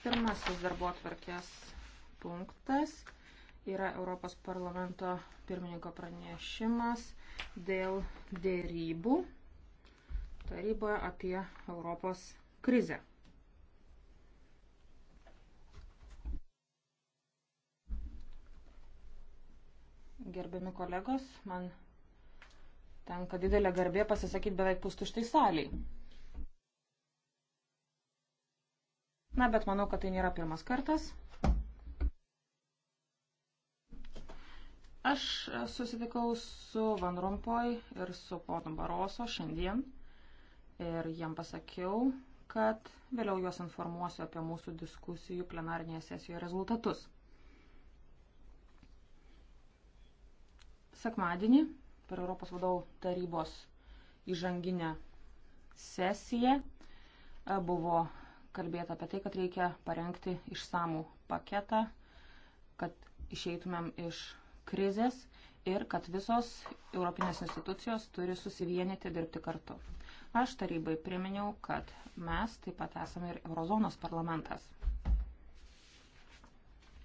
Pirmasis darbo atvarkės punktas yra Europos parlamento pirmininko pranešimas dėl dėrybų taryboje apie Europos krizę. Gerbiami kolegos, man tenka didelė garbė pasisakyti beveik pustuštai saliai. Na, bet manau, kad tai nėra pirmas kartas. Aš susitikau su Van Rompoj ir su Ponu Baroso šiandien ir jiem pasakiau, kad vėliau juos informuosiu apie mūsų diskusijų plenarinėje sesijoje rezultatus. Sekmadienį per Europos vadovų tarybos įžanginę sesiją e, buvo kalbėta apie tai, kad reikia parengti išsamų paketą, kad išeitumėm iš krizės ir kad visos europinės institucijos turi susivienyti dirbti kartu. Aš tarybai priminiau, kad mes taip pat esame ir Eurozonos parlamentas.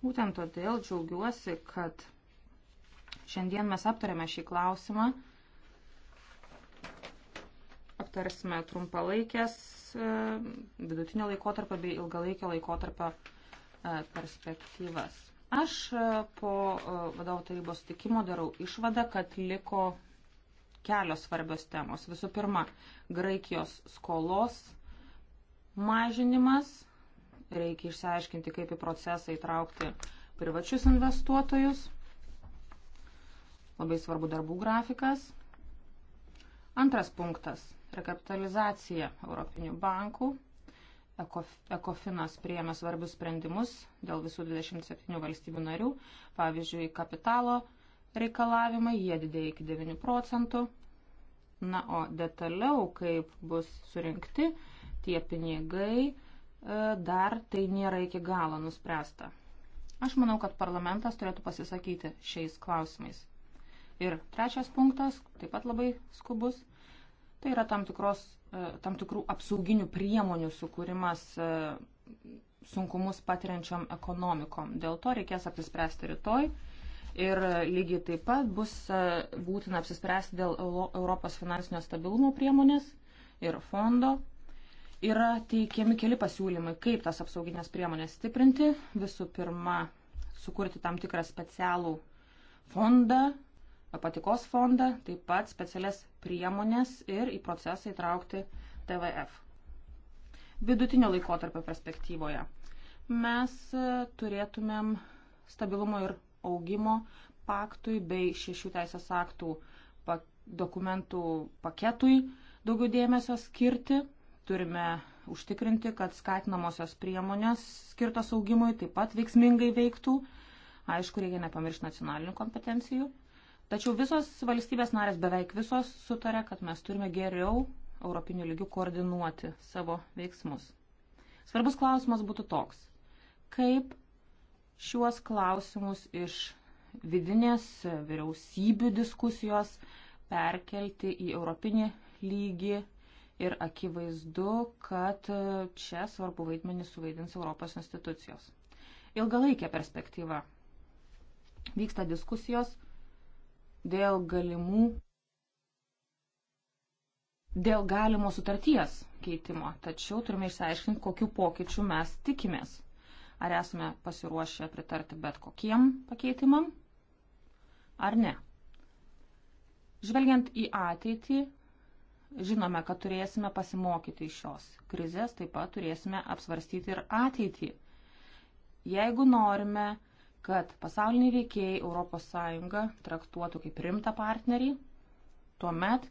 Būtent todėl džiaugiuosi, kad šiandien mes aptarėme šį klausimą. Aptarsime trumpalaikės E, vidutinio laikotarpio bei ilgalaikio laikotarpio e, perspektyvas. Aš e, po vadovų tarybos sutikimo darau išvadą, kad liko kelios svarbios temos. Visų pirma, Graikijos skolos mažinimas. Reikia išsiaiškinti, kaip į procesą įtraukti privačius investuotojus. Labai svarbu darbų grafikas. Antras punktas rekapitalizacija Europinių bankų. Ekofinas priėmė svarbius sprendimus dėl visų 27 valstybių narių. Pavyzdžiui, kapitalo reikalavimai, jie didėja iki 9 procentų. Na, o detaliau, kaip bus surinkti tie pinigai, e, dar tai nėra iki galo nuspręsta. Aš manau, kad parlamentas turėtų pasisakyti šiais klausimais. Ir trečias punktas, taip pat labai skubus Tai yra tam, tikros, e, tam tikrų apsauginių priemonių sukūrimas e, sunkumus patiriančiom ekonomikom. Dėl to reikės apsispręsti rytoj. Ir e, lygiai taip pat bus būtina apsispręsti dėl Europos finansinio stabilumo priemonės ir fondo. Yra teikiami keli pasiūlymai, kaip tas apsauginės priemonės stiprinti. Visų pirma, sukurti tam tikrą specialų fondą, patikos fondą, taip pat specialias priemonės ir į procesą įtraukti TVF. Vidutinio laikotarpio perspektyvoje mes e, turėtumėm stabilumo ir augimo paktui bei šešių teisės aktų dokumentų paketui daugiau dėmesio skirti. Turime užtikrinti, kad skatinamosios priemonės skirtos augimui taip pat veiksmingai veiktų. Aišku, reikia nepamiršti nacionalinių kompetencijų. Tačiau visos valstybės narės beveik visos sutarė, kad mes turime geriau europinių lygių koordinuoti savo veiksmus. Svarbus klausimas būtų toks. Kaip šiuos klausimus iš vidinės vyriausybių diskusijos perkelti į europinį lygį ir akivaizdu, kad čia svarbu vaidmenį suvaidins Europos institucijos. Ilgalaikė perspektyva. Vyksta diskusijos dėl galimų, dėl galimo sutarties keitimo. Tačiau turime išsiaiškinti, kokiu pokyčiu mes tikimės. Ar esame pasiruošę pritarti bet kokiem pakeitimam, ar ne. Žvelgiant į ateitį, žinome, kad turėsime pasimokyti iš šios krizės, taip pat turėsime apsvarstyti ir ateitį. Jeigu norime kad pasauliniai veikėjai ES traktuotų kaip rimtą partnerį, tuomet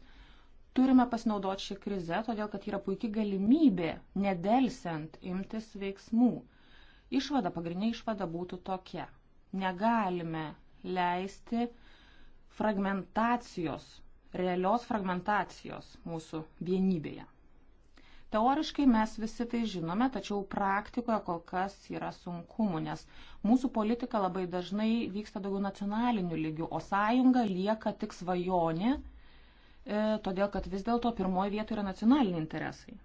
turime pasinaudoti šią krizę, todėl kad yra puikia galimybė nedelsiant imtis veiksmų. Išvada, pagrindinė išvada būtų tokia. Negalime leisti fragmentacijos, realios fragmentacijos mūsų vienybėje. Teoriškai mes visi tai žinome, tačiau praktikoje kol kas yra sunkumų, nes mūsų politika labai dažnai vyksta daugiau nacionaliniu lygiu, o sąjunga lieka tik svajonė, e, todėl kad vis dėlto pirmoji vietoje yra nacionaliniai interesai.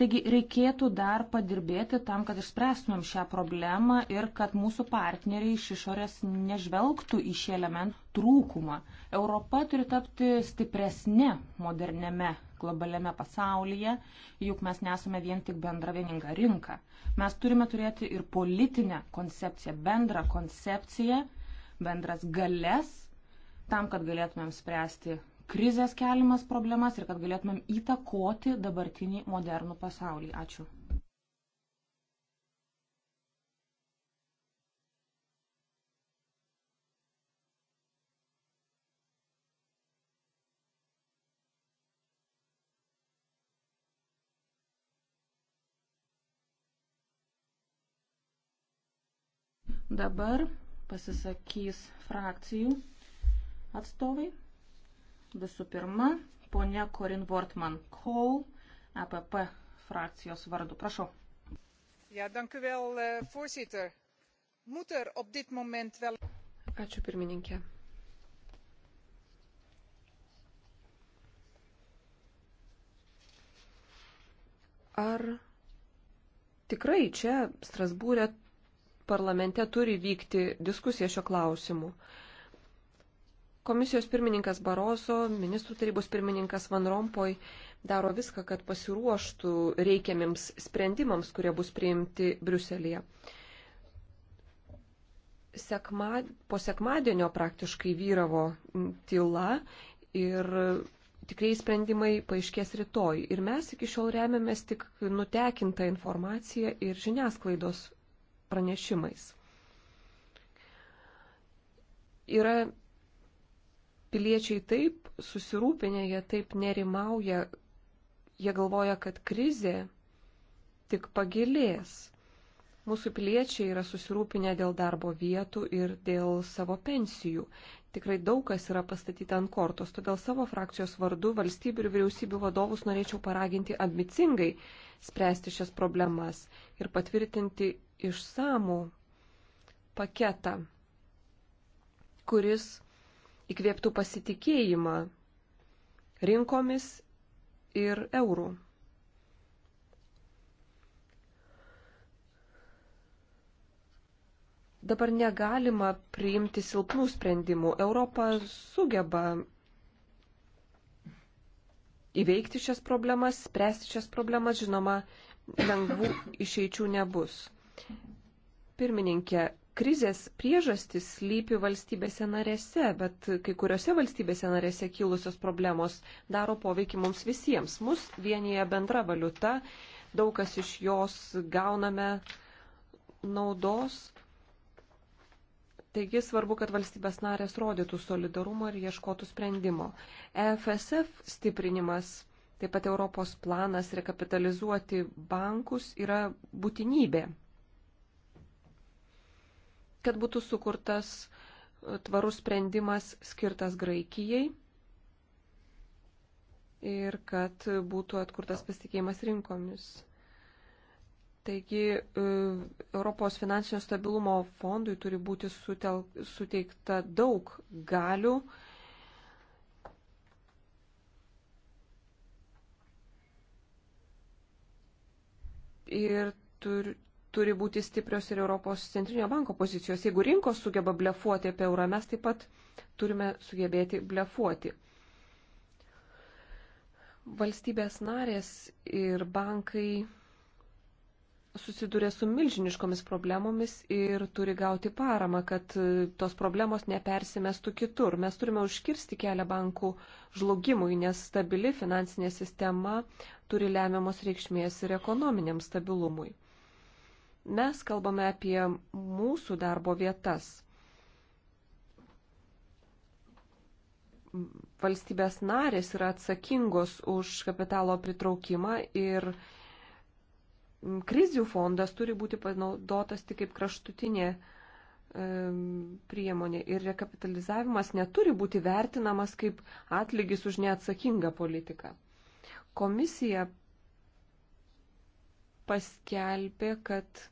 Taigi reikėtų dar padirbėti tam, kad išspręstumėm šią problemą ir kad mūsų partneriai iš išorės nežvelgtų į šį elementą trūkumą. Europa turi tapti stipresnė moderniame globaliame pasaulyje, juk mes nesame vien tik bendra vieninga rinka. Mes turime turėti ir politinę koncepciją, bendrą koncepciją, bendras galės tam, kad galėtumėm spręsti krizės keliamas problemas ir kad galėtumėm įtakoti dabartinį modernų pasaulį. Ačiū. Dabar pasisakys frakcijų atstovai. Visų pirma, ponia Corin Wortman Kohl, APP e frakcijos vardu. Prašau. Ja, dank u wel, eh, voorzitter. Moet er op dit moment wel... Ačiū pirmininkė. Ar tikrai čia Strasbūrė parlamente turi vykti diskusija šio klausimu? Uh, Komisijos pirmininkas Baroso, ministrų tarybos pirmininkas Van Rompoj daro viską, kad pasiruoštų reikiamiems sprendimams, kurie bus priimti Briuselėje. Sekma, po sekmadienio praktiškai vyravo tyla ir tikrai sprendimai paaiškės rytoj. Ir mes iki šiol remiamės tik nutekintą informaciją ir žiniasklaidos pranešimais. Yra piliečiai taip susirūpinę, jie taip nerimauja, jie galvoja, kad krizė tik pagilės. Mūsų piliečiai yra susirūpinę dėl darbo vietų ir dėl savo pensijų. Tikrai daug kas yra pastatyta ant kortos, todėl savo frakcijos vardu valstybių ir vyriausybių vadovus norėčiau paraginti ambicingai spręsti šias problemas ir patvirtinti išsamų paketą, kuris įkvėptų pasitikėjimą rinkomis ir eurų. Dabar negalima priimti silpnų sprendimų. Europa sugeba įveikti šias problemas, spręsti šias problemas, žinoma, lengvų išeičių nebus. Pirmininkė, krizės priežastis lypi valstybėse narėse, bet kai kuriuose valstybėse narėse kilusios problemos daro poveikį mums visiems. Mus vienyje bendra valiuta, daug kas iš jos gauname naudos. Taigi svarbu, kad valstybės narės rodytų solidarumą ir ieškotų sprendimo. EFSF stiprinimas Taip pat Europos planas rekapitalizuoti bankus yra būtinybė kad būtų sukurtas e, tvarus sprendimas skirtas Graikijai ir kad būtų atkurtas pasitikėjimas rinkomis. Taigi e, Europos finansinio stabilumo fondui turi būti sutel, suteikta daug galių. Ir tur, turi būti stiprios ir Europos centrinio banko pozicijos. Jeigu rinkos sugeba blefuoti apie eurą, mes taip pat turime sugebėti blefuoti. Valstybės narės ir bankai susiduria su milžiniškomis problemomis ir turi gauti paramą, kad tos problemos nepersimestų kitur. Mes turime užkirsti kelią bankų žlugimui, nes stabili finansinė sistema turi lemiamos reikšmės ir ekonominiam stabilumui mes kalbame apie mūsų darbo vietas. Valstybės narės yra atsakingos už kapitalo pritraukimą ir krizių fondas turi būti panaudotas tik kaip kraštutinė priemonė ir rekapitalizavimas neturi būti vertinamas kaip atlygis už neatsakingą politiką. Komisija paskelbė, kad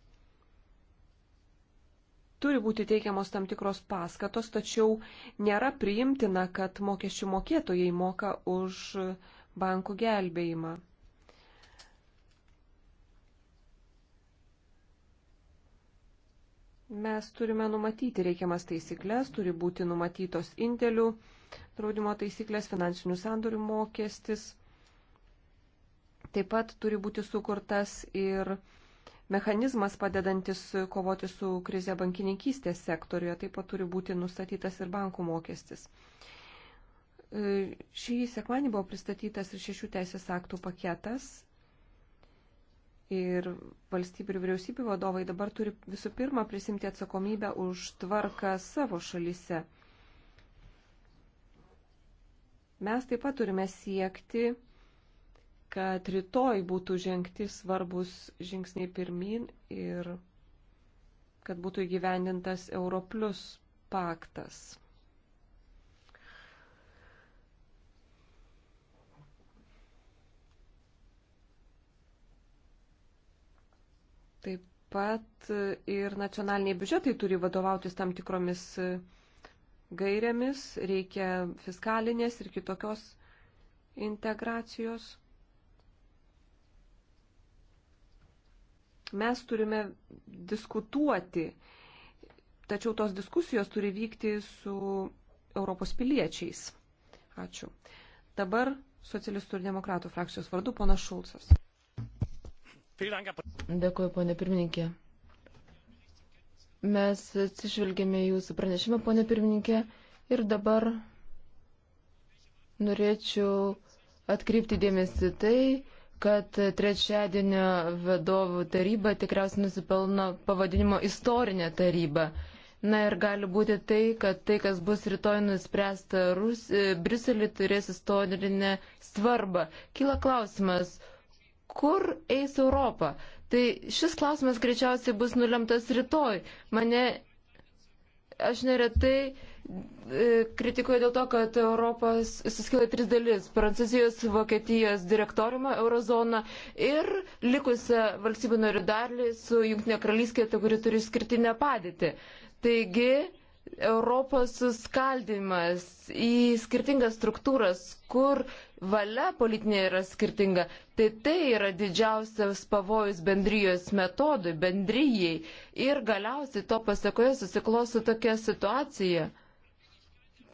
turi būti teikiamos tam tikros paskatos, tačiau nėra priimtina, kad mokesčių mokėtojai moka už bankų gelbėjimą. Mes turime numatyti reikiamas taisyklės, turi būti numatytos indėlių draudimo taisyklės, finansinių sandorių mokestis. Taip pat turi būti sukurtas ir mechanizmas padedantis kovoti su krize bankininkystės sektoriuje, taip pat turi būti nustatytas ir bankų mokestis. E, šį sekmanį buvo pristatytas ir šešių teisės aktų paketas. Ir valstybių ir vyriausybių vadovai dabar turi visų pirma prisimti atsakomybę už tvarką savo šalyse. Mes taip pat turime siekti kad rytoj būtų žengti svarbus žingsniai pirmin ir kad būtų įgyvendintas Europlius paktas. Taip pat ir nacionaliniai biudžetai turi vadovautis tam tikromis gairėmis, reikia fiskalinės ir kitokios integracijos. Mes turime diskutuoti, tačiau tos diskusijos turi vykti su Europos piliečiais. Ačiū. Dabar socialistų ir demokratų frakcijos vardu ponas Šulcas. Dėkuoju, ponė pirmininkė. Mes atsižvelgėme jūsų pranešimą, ponė pirmininkė, ir dabar norėčiau atkreipti dėmesį tai, kad trečiadienio vadovų taryba tikriausiai nusipelno pavadinimo istorinė taryba. Na ir gali būti tai, kad tai, kas bus rytoj nuspręsta Rus... E, Briuselį, turės istorinę svarbą. Kyla klausimas, kur eis Europa? Tai šis klausimas greičiausiai bus nulemtas rytoj. Mane, aš neretai E, kritikuoja dėl to, kad Europas suskilo į tris dalis - Prancūzijos, Vokietijos direktoriumą, eurozoną ir likusią valstybių narių dalį su Junktinė karalystė, kuri turi skirtinę padėtį. Taigi, Europos suskaldimas į skirtingas struktūras, kur valia politinė yra skirtinga, tai tai yra didžiausias pavojus bendrijos metodui, bendrijai. Ir galiausiai to pasakoje susiklosi tokia situacija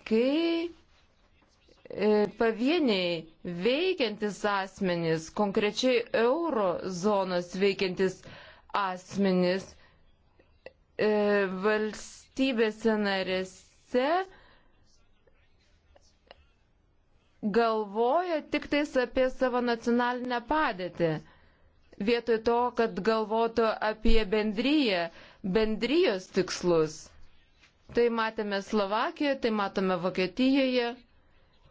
kai e, pavieniai veikiantis asmenys, konkrečiai euro zonos veikiantis asmenys e, valstybėse narėse galvoja tik tais apie savo nacionalinę padėtį. Vietoj to, kad galvotų apie bendryją, bendrijos tikslus. Tai matėme Slovakijoje, tai matome Vokietijoje,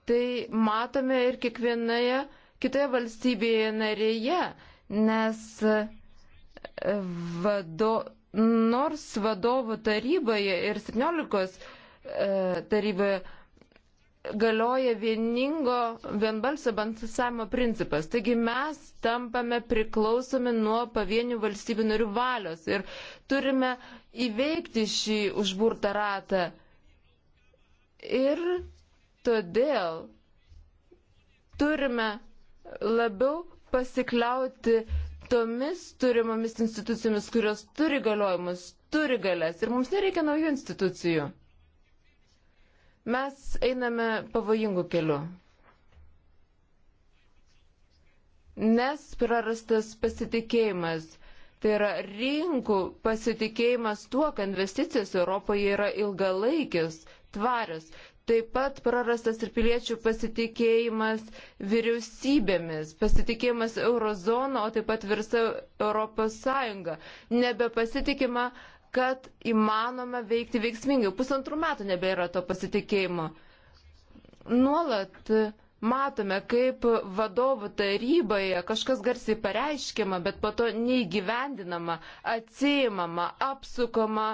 tai matome ir kiekvienoje kitoje valstybėje narėje, nes e, vado, nors vadovų taryboje ir 17 e, taryboje galioja vieningo vienbalsio balsavimo principas. Taigi mes tampame priklausomi nuo pavienių valstybių narių valios ir turime įveikti šį užburtą ratą. Ir todėl turime labiau pasikliauti tomis turimomis institucijomis, kurios turi galiojimus, turi galės ir mums nereikia naujų institucijų. Mes einame pavojingų kelių, nes prarastas pasitikėjimas. Tai yra rinkų pasitikėjimas tuo, kad investicijos Europoje yra ilgalaikis, tvarios. Taip pat prarastas ir piliečių pasitikėjimas vyriausybėmis, pasitikėjimas eurozono, o taip pat visa Europos Sąjunga. Nebepasitikima kad įmanome veikti veiksmingai. Pusantrų metų nebėra to pasitikėjimo. Nuolat matome, kaip vadovų taryboje kažkas garsiai pareiškiama, bet po to neįgyvendinama, atsijimama, apsukama,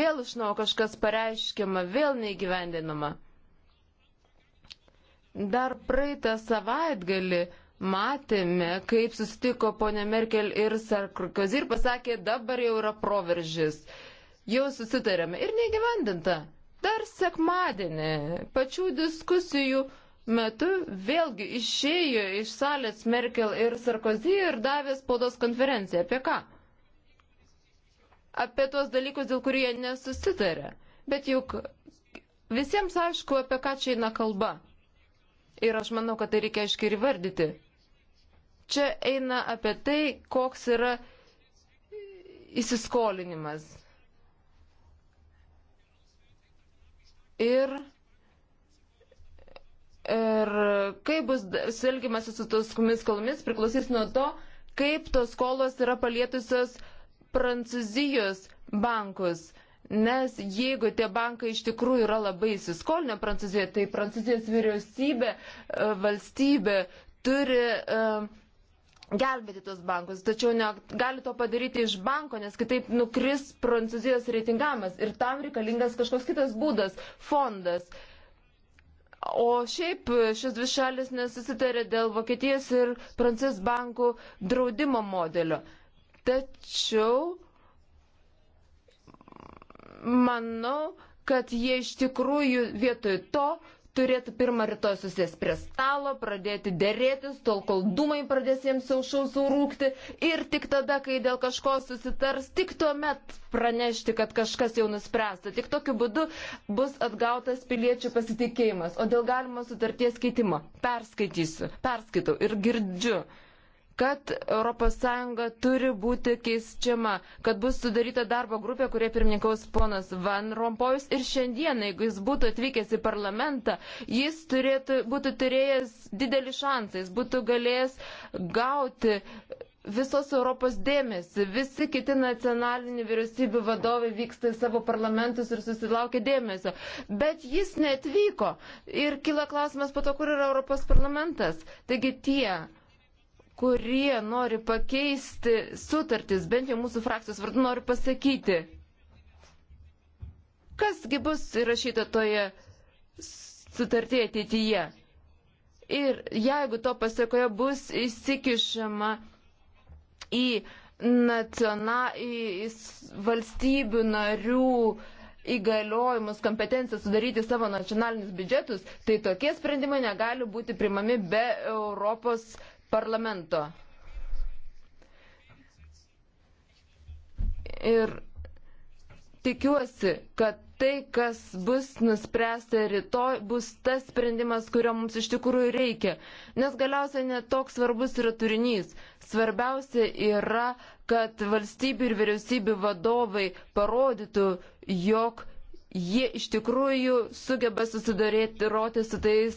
vėl iš naujo kažkas pareiškiama, vėl neįgyvendinama. Dar praeitą savaitgalį matėme, kaip susitiko ponė Merkel ir Sarkozy ir pasakė, dabar jau yra proveržis. Uh, jau susitarėme ir negyvendinta. Dar sekmadienį pačių diskusijų metu vėlgi išėjo iš salės Merkel ir Sarkozy ir davė spaudos konferenciją. Apie ką? Apie tuos dalykus, dėl kurių jie nesusitarė. Bet juk visiems aišku, apie ką čia eina kalba. Ir aš manau, kad tai reikia aiškiai ir vardyti. Čia eina apie tai, koks yra įsiskolinimas ir, ir kaip bus silgimas su toskomis skolomis priklausys nuo to, kaip tos skolos yra palietusios Prancūzijos bankus. Nes jeigu tie bankai iš tikrųjų yra labai įsiskolinę Prancūzijoje, tai Prancūzijos vyriausybė, e, valstybė turi uh, gelbėti tos bankus, tačiau negali to padaryti iš banko, nes kitaip nukris Prancūzijos reitingamas ir tam reikalingas kažkoks kitas būdas - fondas. O šiaip šis dvi šalis nesusitarė dėl Vokietijos ir Prancūzijos bankų draudimo modelio. Tačiau manau, kad jie iš tikrųjų vietoj to turėtų pirmą rytoj susės prie stalo, pradėti dėrėtis, tol kol dūmai pradės jiems aušaus rūkti ir tik tada, kai dėl kažko susitars, tik tuomet pranešti, kad kažkas jau nuspręsta. Tik tokiu būdu bus atgautas piliečių pasitikėjimas. O dėl galimo sutarties keitimo perskaitysiu, perskaitau ir girdžiu kad ES turi būti keisčiama, kad bus sudaryta darbo grupė, kurie pirmininkaus ponas Van Rompojus ir šiandieną, jeigu jis būtų atvykęs į parlamentą, jis turėtų, būtų turėjęs didelį šansą, jis būtų galėjęs gauti visos Europos dėmesį. Visi kiti nacionalinių vyriausybių vadovai vyksta į savo parlamentus ir susilaukia dėmesio. Bet jis netvyko. Ir kila klausimas po to, kur yra Europos parlamentas. Taigi tie, kurie nori pakeisti sutartis, bent jau mūsų frakcijos vardu noriu pasakyti, kasgi bus įrašyta toje sutartyje ateityje. Ir jeigu to pasakoje bus įsikišama į, naciona, į valstybių narių įgaliojimus, kompetenciją sudaryti savo nacionalinius biudžetus, tai tokie sprendimai negali būti primami be Europos parlamento. Ir tikiuosi, kad tai, kas bus nuspręsta rytoj, bus tas sprendimas, kurio mums iš tikrųjų reikia. Nes galiausiai netoks svarbus yra turinys. Svarbiausia yra, kad valstybių ir vyriausybių vadovai parodytų, jog ji iš tikrųjų sugeba susidorėti roti su tais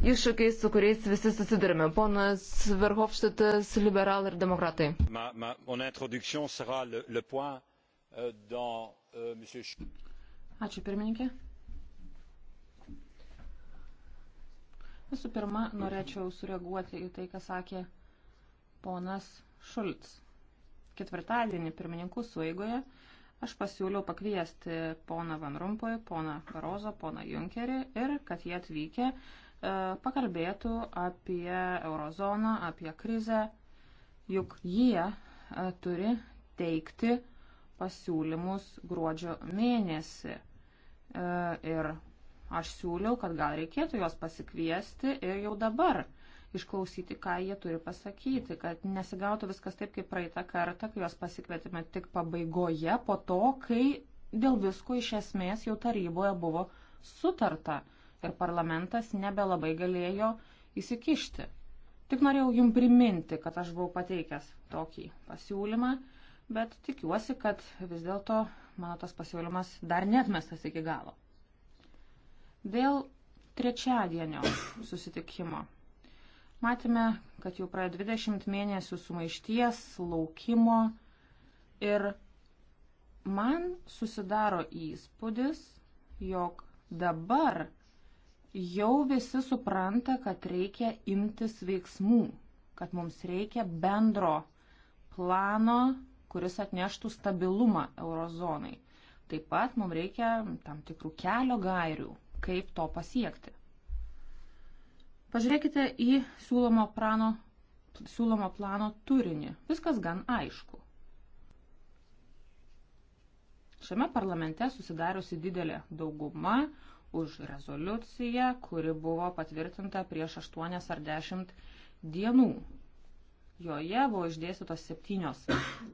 iššūkiais, su kuriais visi susidurime. Ponas Verhofštatas, liberalai ir demokratai. Ma, ma, le, le point, uh, dans, uh, monsieur... Ačiū pirmininkė. Visų pirma, norėčiau sureaguoti į tai, ką sakė ponas Šulc. Ketvirtadienį pirmininkų suėgoje uh, Aš pasiūliau pakviesti poną Van Rumpoj, poną Barozo, poną Junkerį ir kad jie atvykę e, pakalbėtų apie eurozoną, apie krizę, juk jie e, turi teikti pasiūlymus gruodžio mėnesį. E, ir aš siūliau, kad gal reikėtų juos pasikviesti ir jau dabar išklausyti, ką jie turi pasakyti, kad nesigautų viskas taip, kaip praeitą kartą, kai juos pasikvietėme tik pabaigoje, po to, kai dėl visko iš esmės jau taryboje buvo sutarta ir parlamentas nebelabai galėjo įsikišti. Tik norėjau jum priminti, kad aš buvau pateikęs tokį pasiūlymą, bet tikiuosi, kad vis dėlto mano tas pasiūlymas dar netmestas iki galo. Dėl trečiadienio susitikimo Matėme, kad jau praėjo 20 mėnesių sumaišties, laukimo ir man susidaro įspūdis, jog dabar jau visi supranta, kad reikia imtis veiksmų, kad mums reikia bendro plano, kuris atneštų stabilumą eurozonai. Taip pat mums reikia tam tikrų kelio gairių, kaip to pasiekti. Pažiūrėkite į siūlomo, prano, siūlomo plano turinį. Viskas gan aišku. Šiame parlamente susidariusi didelė dauguma už rezoliuciją, kuri buvo patvirtinta prieš 8 ar 10 dienų. Joje buvo išdėstytos septynios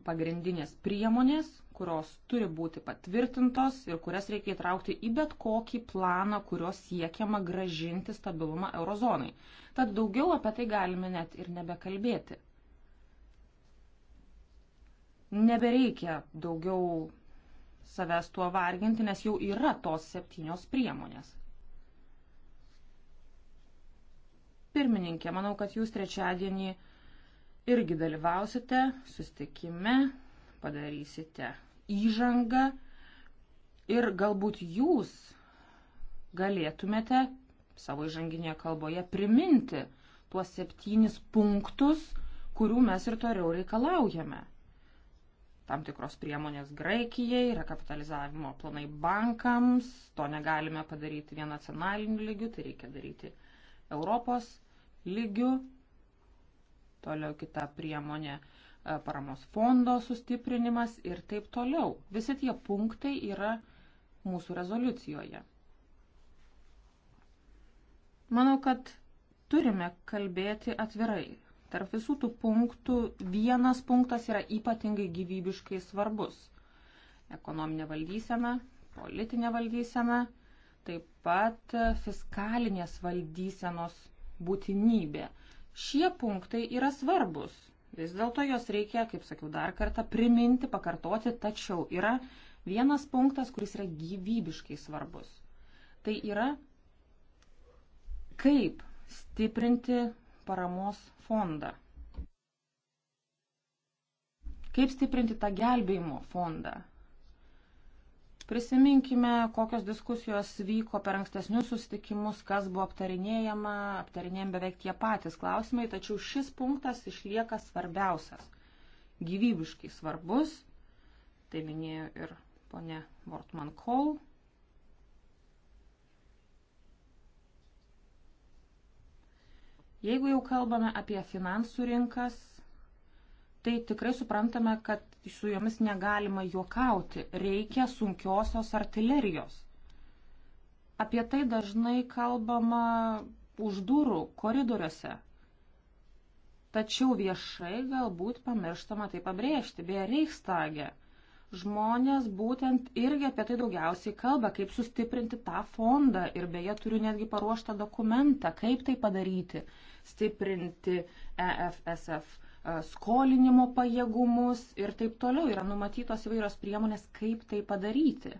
pagrindinės priemonės, kurios turi būti patvirtintos ir kurias reikia įtraukti į bet kokį planą, kurio siekiama gražinti stabilumą eurozonai. Tad daugiau apie tai galime net ir nebekalbėti. Nebereikia daugiau savęs tuo varginti, nes jau yra tos septynios priemonės. Pirmininkė, manau, kad jūs trečiadienį irgi dalyvausite sustikime, padarysite įžangą ir galbūt jūs galėtumėte savo įžanginėje kalboje priminti tuos septynis punktus, kurių mes ir toliau reikalaujame. Tam tikros priemonės Graikijai, rekapitalizavimo planai bankams, to negalime padaryti vien nacionaliniu lygiu, tai reikia daryti Europos lygiu toliau kita priemonė e, paramos fondo sustiprinimas ir taip toliau. Visi tie punktai yra mūsų rezoliucijoje. Manau, kad turime kalbėti atvirai. Tarp visų tų punktų vienas punktas yra ypatingai gyvybiškai svarbus. Ekonominė valdysena, politinė valdysena, taip pat fiskalinės valdysenos būtinybė. Šie punktai yra svarbus. Vis dėlto jos reikia, kaip sakiau, dar kartą priminti, pakartoti, tačiau yra vienas punktas, kuris yra gyvybiškai svarbus. Tai yra, kaip stiprinti paramos fondą. Kaip stiprinti tą gelbėjimo fondą, Prisiminkime, kokios diskusijos vyko per ankstesnius susitikimus, kas buvo aptarinėjama, aptarinėjom beveik tie patys klausimai, tačiau šis punktas išlieka svarbiausias, gyvybiškai svarbus, tai minėjo ir ponė Wortman Kohl. Jeigu jau kalbame apie finansų rinkas, tai tikrai suprantame, kad su jomis negalima juokauti, reikia sunkiosios artilerijos. Apie tai dažnai kalbama už durų, koridoriuose. Tačiau viešai galbūt pamirštama tai pabrėžti, beje, Reichstage. Žmonės būtent irgi apie tai daugiausiai kalba, kaip sustiprinti tą fondą ir beje turiu netgi paruoštą dokumentą, kaip tai padaryti, stiprinti EFSF skolinimo pajėgumus ir taip toliau. Yra numatytos įvairios priemonės, kaip tai padaryti.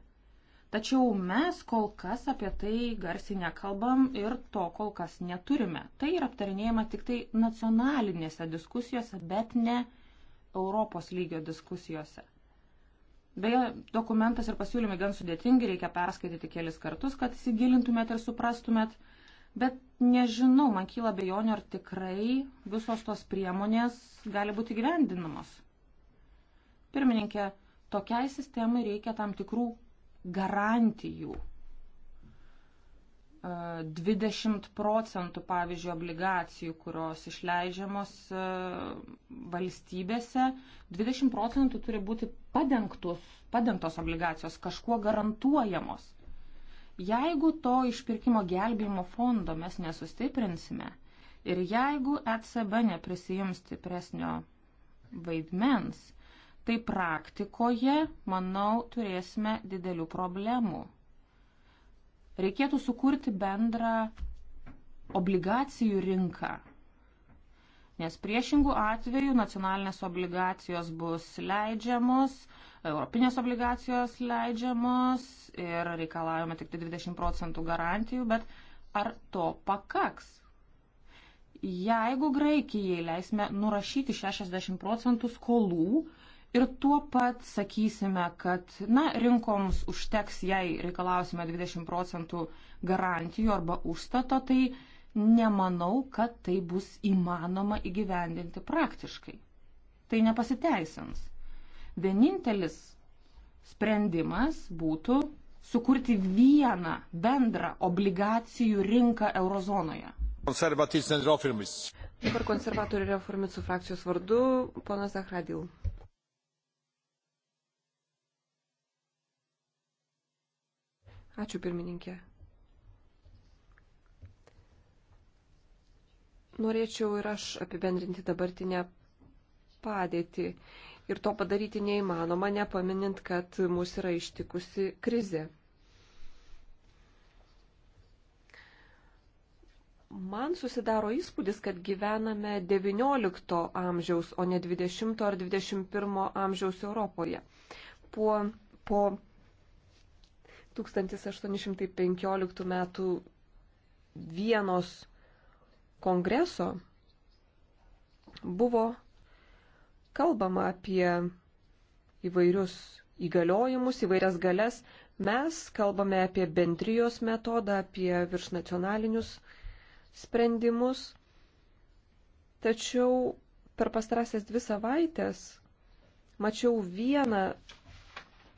Tačiau mes kol kas apie tai garsiai nekalbam ir to kol kas neturime. Tai yra aptarinėjama tik tai nacionalinėse diskusijose, bet ne Europos lygio diskusijose. Beje, dokumentas ir pasiūlymai gan sudėtingi, reikia perskaityti kelis kartus, kad įsigilintumėt ir suprastumėt. Bet nežinau, man kyla bejonių, ar tikrai visos tos priemonės gali būti gyvendinamos. Pirmininkė, tokiai sistemai reikia tam tikrų garantijų. 20 e, procentų, pavyzdžiui, obligacijų, kurios išleidžiamos e, valstybėse, 20 procentų turi būti padengtos, padengtos obligacijos, kažkuo garantuojamos. Jeigu to išpirkimo gelbėjimo fondo mes nesustiprinsime ir jeigu ECB neprisijims stipresnio vaidmens, tai praktikoje, manau, turėsime didelių problemų. Reikėtų sukurti bendrą obligacijų rinką Nes priešingų atvejų nacionalinės obligacijos bus leidžiamos, europinės obligacijos leidžiamos ir reikalavome tik tai 20 procentų garantijų, bet ar to pakaks? Jeigu Graikijai leisime nurašyti 60 procentų skolų, ir tuo pat sakysime, kad na, rinkoms užteks, jei reikalausime 20 procentų garantijų arba užstato, tai nemanau, kad tai bus įmanoma įgyvendinti praktiškai. Tai nepasiteisins. Vienintelis sprendimas būtų sukurti vieną bendrą obligacijų rinką eurozonoje. Dabar konservatorių reformistų frakcijos vardu ponas Zahradil. Ačiū pirmininkė. Norėčiau ir aš apibendrinti dabartinę padėtį. Ir to padaryti neįmanoma, nepaminint, kad mūsų yra ištikusi krizė. Man susidaro įspūdis, kad gyvename XIX amžiaus, o ne XX ar XXI amžiaus Europoje. Po, po 1815 metų Vienos kongreso buvo kalbama apie įvairius įgaliojimus, įvairias galias. Mes kalbame apie bendrijos metodą, apie viršnacionalinius sprendimus. Tačiau per pastarąsias dvi savaitės mačiau vieną,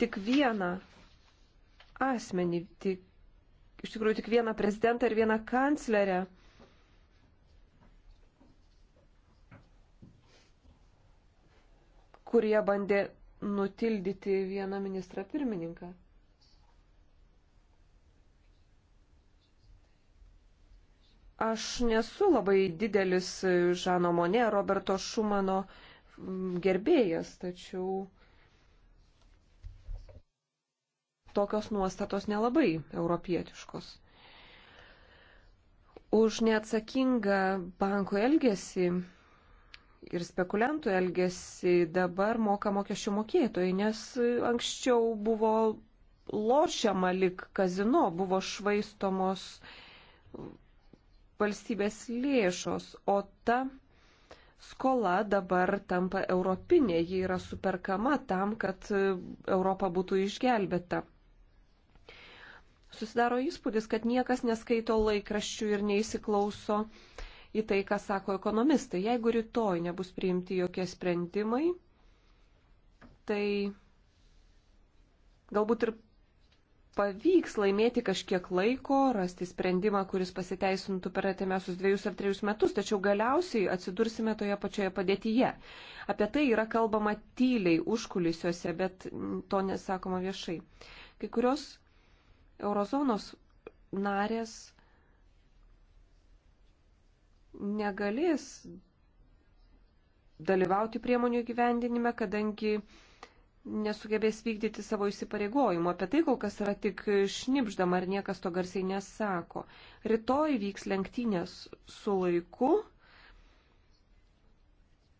tik vieną asmenį, tik, iš tikrųjų tik vieną prezidentą ir vieną kanclerę kurie bandė nutildyti vieną ministrą pirmininką. Aš nesu labai didelis Žano Monė, Roberto Šumano gerbėjas, tačiau tokios nuostatos nelabai europietiškos. Už neatsakingą banko elgesį ir spekuliantų elgesį dabar moka mokesčių mokėtojai, nes anksčiau buvo lošiama lik kazino, buvo švaistomos valstybės lėšos, o ta skola dabar tampa europinė, ji yra superkama tam, kad Europa būtų išgelbėta. Susidaro įspūdis, kad niekas neskaito laikraščių ir neįsiklauso uh, į tai, ką sako ekonomistai. Jeigu rytoj nebus priimti jokie sprendimai, tai galbūt ir pavyks laimėti kažkiek laiko, rasti sprendimą, kuris pasiteisintų per atėmėsius dviejus ar trejus metus, tačiau galiausiai atsidursime toje pačioje padėtyje. Apie tai yra kalbama tyliai užkulisiuose, bet to nesakoma viešai. Kai kurios eurozonos narės negalės dalyvauti priemonių gyvendinime, kadangi nesugebės vykdyti savo įsipareigojimų. Apie tai kol kas yra tik šnipždama ir niekas to garsiai nesako. Rytoj vyks lenktynės su laiku.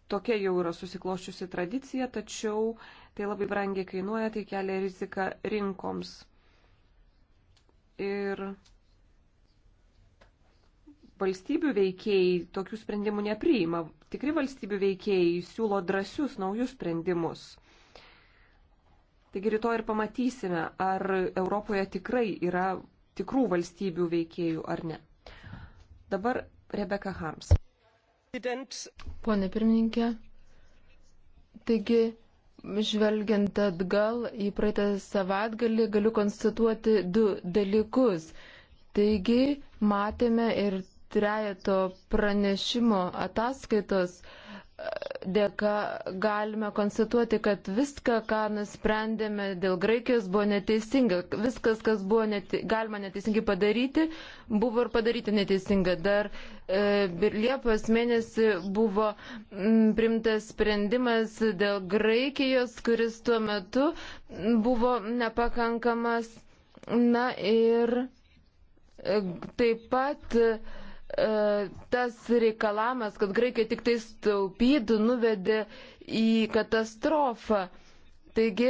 Tokia jau yra susikloščiusi tradicija, tačiau tai labai brangiai kainuoja, tai kelia riziką rinkoms. Ir valstybių veikėjai tokių sprendimų nepriima. Tikri valstybių veikėjai siūlo drąsius naujus sprendimus. Taigi rytoj ir pamatysime, ar Europoje tikrai yra tikrų valstybių veikėjų ar ne. Dabar Rebeka Harms. Pone pirmininkė, taigi žvelgiant atgal į praeitą savaitgalį galiu konstatuoti du dalykus. Taigi matėme ir trejeto pranešimo ataskaitos e, dėka galime konstatuoti, kad viską, ką nusprendėme dėl Graikijos, buvo neteisinga. Viskas, kas buvo nete, galima neteisingai padaryti, buvo ir padaryti neteisinga. Dar e, Liepos mėnesį buvo m, primtas sprendimas dėl Graikijos, kuris tuo metu buvo nepakankamas. Na ir e, taip pat. E, E, tas reikalavimas, kad graikiai tik tai staupytų, nuvedė į katastrofą. Taigi,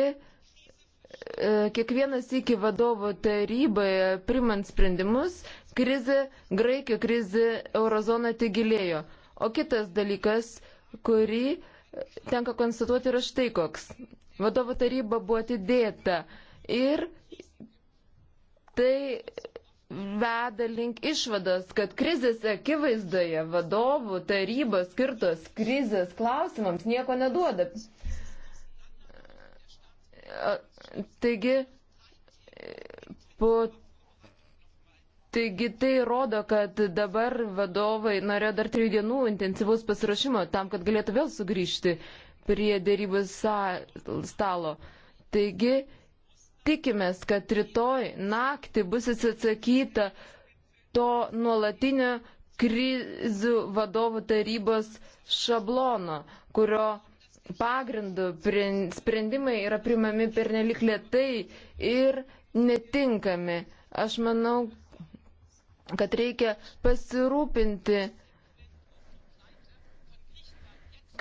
e, kiekvienas iki vadovo taryboje primant sprendimus, krizė, graikio krizė eurozono tik gilėjo. O kitas dalykas, kurį tenka konstatuoti yra štai koks. Vadovo taryba buvo atidėta ir tai veda link išvados, kad krizės akivaizdoje vadovų tarybos skirtos krizės klausimams nieko neduoda. Taigi, po, taigi tai rodo, kad dabar vadovai norėjo dar trijų dienų intensyvus pasirašymo tam, kad galėtų vėl sugrįžti prie dėrybos stalo. Taigi, tikimės, kad rytoj naktį bus atsakyta to nuolatinio krizių vadovų tarybos šablono, kurio pagrindų sprendimai yra primami pernelik lietai ir netinkami. Aš manau, kad reikia pasirūpinti,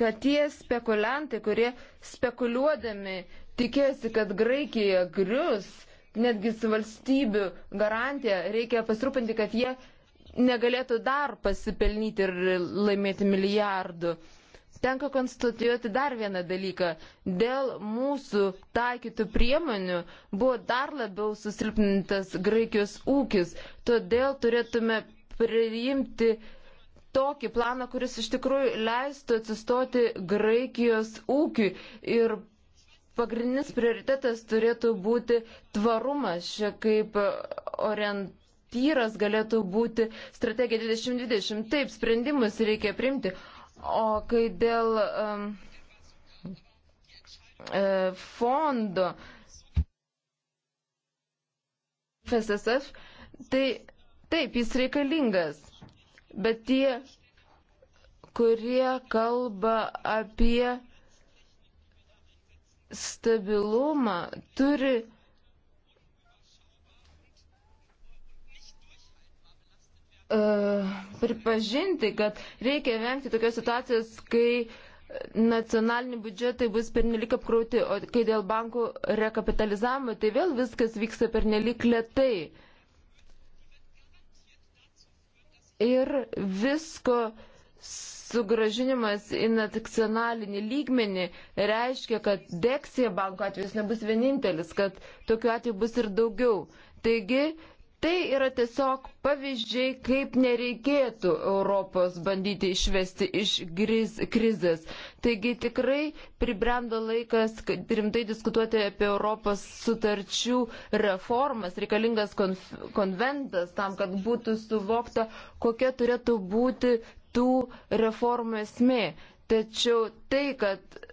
kad tie spekuliantai, kurie spekuliuodami tikėjosi, kad Graikija grius, netgi su valstybių garantija, reikia pasirūpinti, kad jie negalėtų dar pasipelnyti ir laimėti milijardų. Tenka konstatuoti dar vieną dalyką. Dėl mūsų taikytų priemonių buvo dar labiau susilpnintas Graikijos ūkis. Todėl turėtume priimti tokį planą, kuris iš tikrųjų leistų atsistoti Graikijos ūkiui ir pagrindinis prioritetas turėtų būti tvarumas, čia kaip orientyras galėtų būti strategija 2020. Taip, sprendimus reikia primti. O kai dėl um, e, fondo FSSF, tai taip, jis reikalingas, bet tie, kurie kalba apie stabilumą turi uh, pripažinti, kad reikia vengti tokios situacijos, kai nacionaliniai biudžetai bus pernelik apkrauti, o kai dėl bankų rekapitalizavimo, tai vėl viskas vyksta pernelik lietai. Ir visko uh, sugražinimas į nacionalinį lygmenį reiškia, kad deksija banko atvejs nebus vienintelis, kad tokiu atveju bus ir daugiau. Taigi, tai yra tiesiog pavyzdžiai, kaip nereikėtų Europos bandyti išvesti iš griz, krizės. Taigi tikrai pribrendo laikas rimtai diskutuoti apie Europos sutarčių reformas, reikalingas konf, konventas tam, kad būtų suvokta, kokia turėtų būti tų reformų esmė. Tačiau tai, kad e,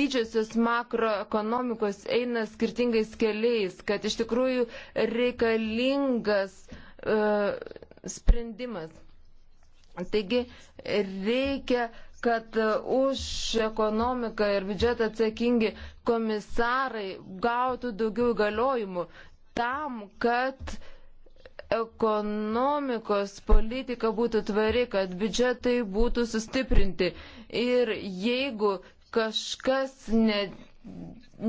didžiosios makroekonomikos eina skirtingais keliais, kad iš tikrųjų reikalingas uh, sprendimas. Taigi reikia, kad e, už ekonomiką ir biudžetą atsakingi komisarai gautų daugiau įgaliojimų tam, kad uh, ekonomikos politika būtų tvari, kad biudžetai būtų sustiprinti. Ir jeigu kažkas ne,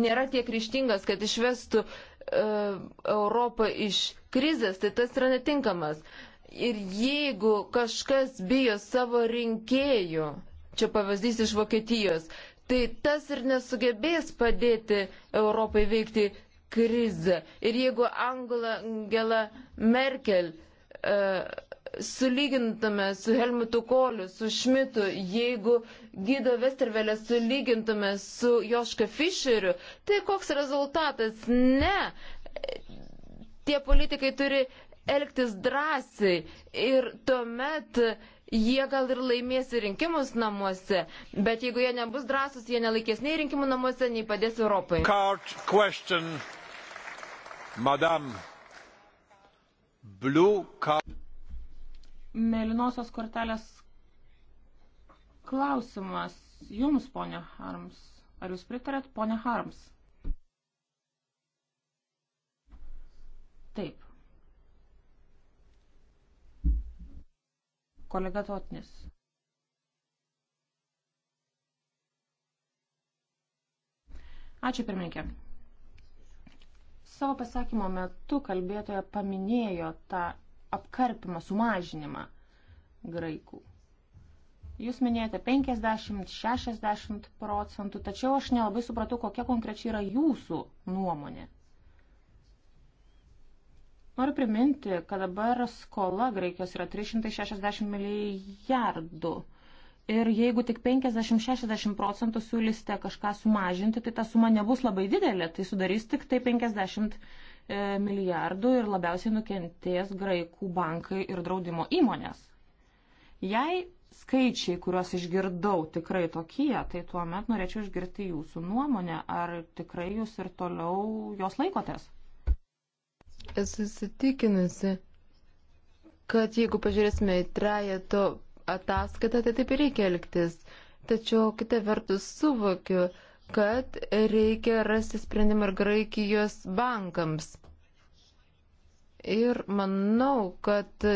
nėra tiek ryštingas, kad išvestų e, Europą iš krizės, tai tas yra netinkamas. Ir jeigu kažkas bijo savo rinkėjų, čia pavyzdys iš Vokietijos, tai tas ir nesugebės padėti Europai veikti krizę. Ir jeigu Angela Merkel uh, sulygintume su Helmutu Koliu, su Šmitu, jeigu Gido Westervelę sulygintume su Joška Fischeriu, tai koks rezultatas? Ne. Tie politikai turi elgtis drąsiai ir tuomet jie gal ir laimės rinkimus namuose, bet jeigu jie nebus drąsus, jie nelaikės nei rinkimų namuose, nei padės Europai. Card question. Madame Blue Card. Mėlynosios kortelės klausimas jums, ponia Harms. Ar jūs pritarėt, ponia Harms? Taip. Kolega Totnis. Ačiū pirmininkė. Savo pasakymo metu kalbėtoja paminėjo tą apkarpimą, sumažinimą graikų. Jūs minėjote 50-60 procentų, tačiau aš nelabai supratau, kokia konkrečiai yra jūsų nuomonė. Noriu priminti, kad dabar skola Graikijos yra 360 milijardų. Ir jeigu tik 50-60 procentų siūlysite kažką sumažinti, tai ta suma nebus labai didelė, tai sudarys tik tai 50 e, milijardų ir labiausiai nukentės graikų bankai ir draudimo įmonės. Jei skaičiai, kuriuos išgirdau, tikrai tokie, tai tuomet norėčiau išgirti jūsų nuomonę, ar tikrai jūs ir toliau jos laikotės. Esu įsitikinusi, kad jeigu pažiūrėsime į trejato ataskaitą, tai taip ir reikia elgtis. Tačiau kitą vertus suvokiu, kad reikia rasti sprendimą ir Graikijos bankams. Ir manau, kad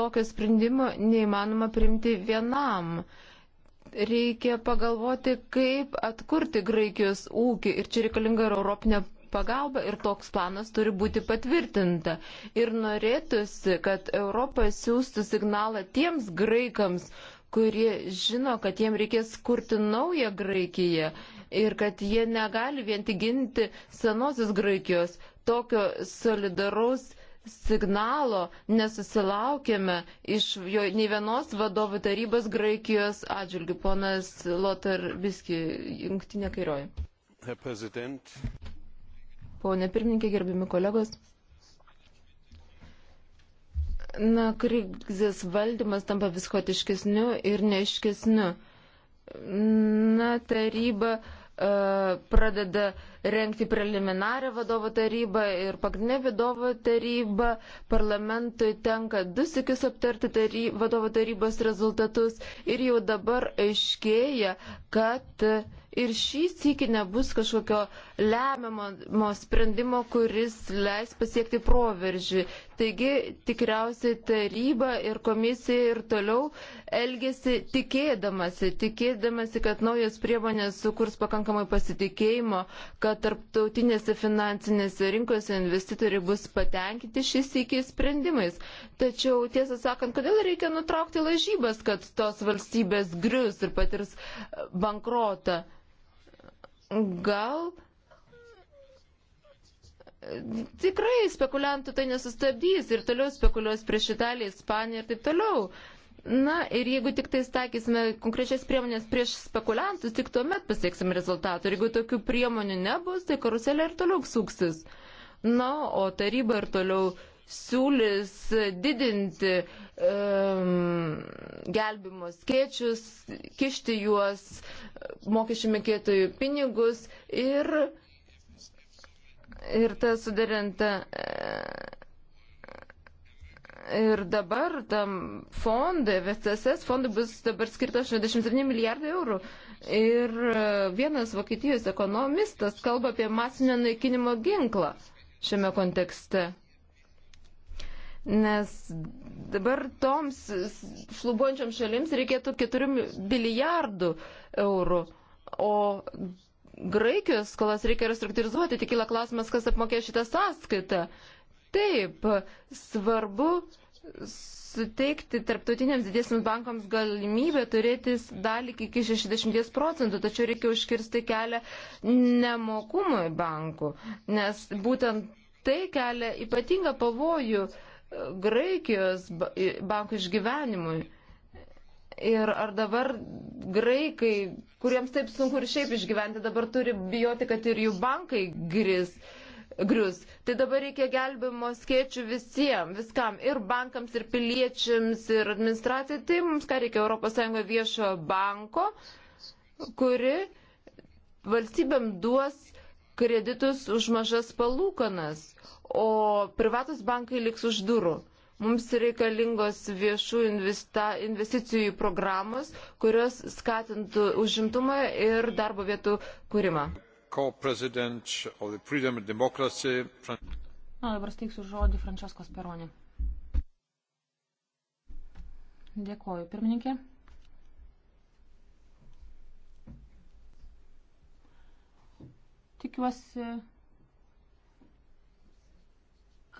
tokio sprendimo neįmanoma priimti vienam. Reikia pagalvoti, kaip atkurti Graikijos ūkį ir čia reikalinga ir Europinė pagalba ir toks planas turi būti patvirtinta. Ir norėtųsi, kad Europa siūstų signalą tiems graikams, kurie žino, kad jiem reikės kurti naują Graikiją ir kad jie negali vien tik ginti senosios Graikijos. Tokio solidaraus signalo nesusilaukėme iš jo nei vienos vadovų tarybos Graikijos atžvilgių. Ponas Lotar Biski, jungtinė kairioji. Pone pirmininkė, gerbiami kolegos. Na, krizės valdymas tampa viskotiškesniu ir neiškesniu. Na, taryba e, pradeda renkti preliminarią vadovo tarybą ir pagrindinę vadovo tarybą. Parlamentui tenka du sikius aptarti taryb, vadovo tarybos rezultatus ir jau dabar aiškėja, kad uh, Ir šį sėkį nebus kažkokio lemiamo sprendimo, kuris leis pasiekti proveržį. Taigi tikriausiai taryba ir komisija ir toliau elgesi tikėdamasi, tikėdamasi, kad naujos priemonės sukurs pakankamai pasitikėjimo, kad tarptautinėse finansinėse rinkose investitoriai bus patenkinti šis sėkį sprendimais. Tačiau tiesą sakant, kodėl reikia nutraukti lažybas, kad tos valstybės grius ir patirs bankrotą? Gal tikrai spekuliantų tai nesustabdys ir toliau spekuliuos prieš Italiją, Ispaniją ir taip toliau. Na ir jeigu tik tai stakysime konkrečias priemonės prieš spekuliantus, tik tuomet pasieksime rezultatų. Ir jeigu tokių priemonių nebus, tai karuselė ir toliau suksis. Na, o taryba ir toliau siūlys didinti um, gelbimo skėčius, kišti juos uh, mokesčių mokėtojų pinigus ir, ir ta sudarinta. E, ir dabar tam fondui, VCSS fondui bus dabar skirta 67 milijardai eurų. Ir e, vienas Vokietijos ekonomistas kalba apie masinio naikinimo ginklą šiame kontekste. Nes dabar toms šlubuojančiam šalims reikėtų 4 milijardų eurų, o Graikijos skolas reikia restruktūrizuoti, tik kila klausimas, kas apmokė šitą sąskaitą. Taip, svarbu suteikti tarptautiniams didesniams bankams galimybę turėti dalį iki 60 procentų, tačiau reikia užkirsti kelią nemokumui bankų, nes būtent tai kelia ypatingą pavojų uh, Graikijos bankų išgyvenimui. Ir ar dabar graikai, kuriems taip sunku ir šiaip išgyventi, dabar turi bijoti, kad ir jų bankai gris, grius. Tai dabar reikia gelbimo skėčių visiems, viskam, ir bankams, ir piliečiams, ir administracijai. Tai mums ką reikia ES viešojo banko, kuri valstybėm duos kreditus už mažas palūkanas, o privatus bankai liks už durų. Mums reikalingos viešų investa, investicijų programos, kurios skatintų užimtumą ir darbo vietų kūrimą. Na, dabar steiksiu žodį Frančiaskos Peronė. Dėkoju, pirmininkė. Tikiuosi,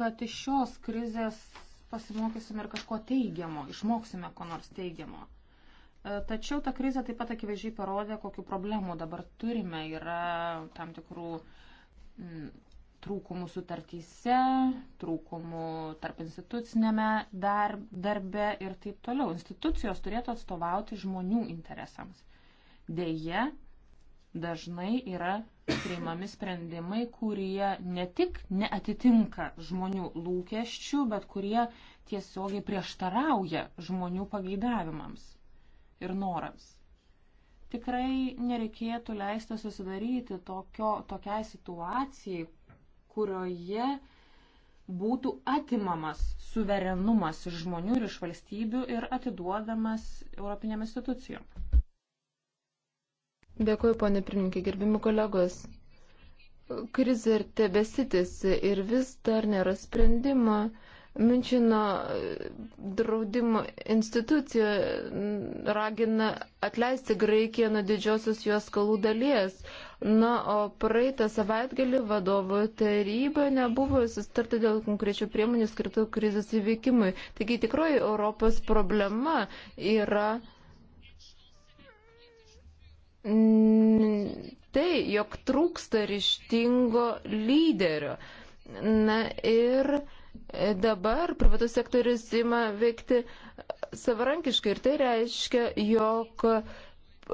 kad iš šios krizės pasimokysime ir kažko teigiamo, išmoksime ko nors teigiamo. E, tačiau ta krizė taip pat akivaizdžiai parodė, kokiu problemu dabar turime. Yra tam tikrų trūkumų sutartyse, trūkumų tarp institucinėme darb, darbe ir taip toliau. Institucijos turėtų atstovauti žmonių interesams. Deja, dažnai yra priimami sprendimai, kurie ne tik neatitinka žmonių lūkesčių, bet kurie tiesiogiai prieštarauja žmonių pageidavimams ir norams. Tikrai nereikėtų leisti susidaryti tokio, tokiai situacijai, kurioje būtų atimamas suverenumas iš žmonių ir iš valstybių ir atiduodamas Europinėm institucijom. Dėkuoju, ponė pirmininkė, gerbimi kolegos. Krizė ir tebesitėsi ir vis dar nėra sprendimo. Minčino draudimo institucija ragina atleisti Graikiją nuo didžiosios jos skalų dalies. Na, o praeitą savaitgalį vadovo taryba nebuvo sustarta dėl konkrečių priemonių skirtų krizės įveikimui. Taigi tikroji Europos problema yra tai, jog trūksta ryštingo lyderio. Na ir e, dabar privatus sektorius ima veikti e, savarankiškai ir tai reiškia, jog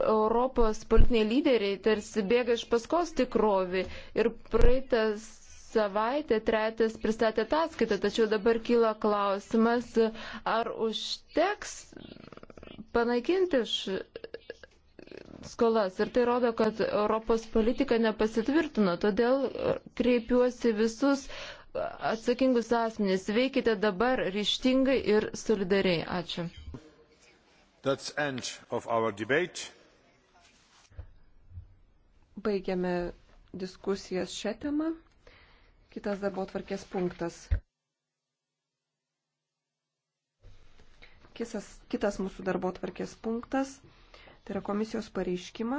Europos politiniai lyderiai tarsi bėga iš paskos tikrovį ir praeitas savaitę tretis pristatė ataskaitą, tačiau dabar kyla klausimas, ar užteks panaikinti š skolas. Ir tai rodo, kad Europos politika nepasitvirtino. Todėl kreipiuosi visus atsakingus asmenys. Veikite dabar ryštingai ir solidariai. Ačiū. Baigiame diskusijas šią temą. Kitas darbo tvarkės punktas. Kisas, kitas mūsų darbo tvarkės punktas Tai yra komisijos pareiškimas.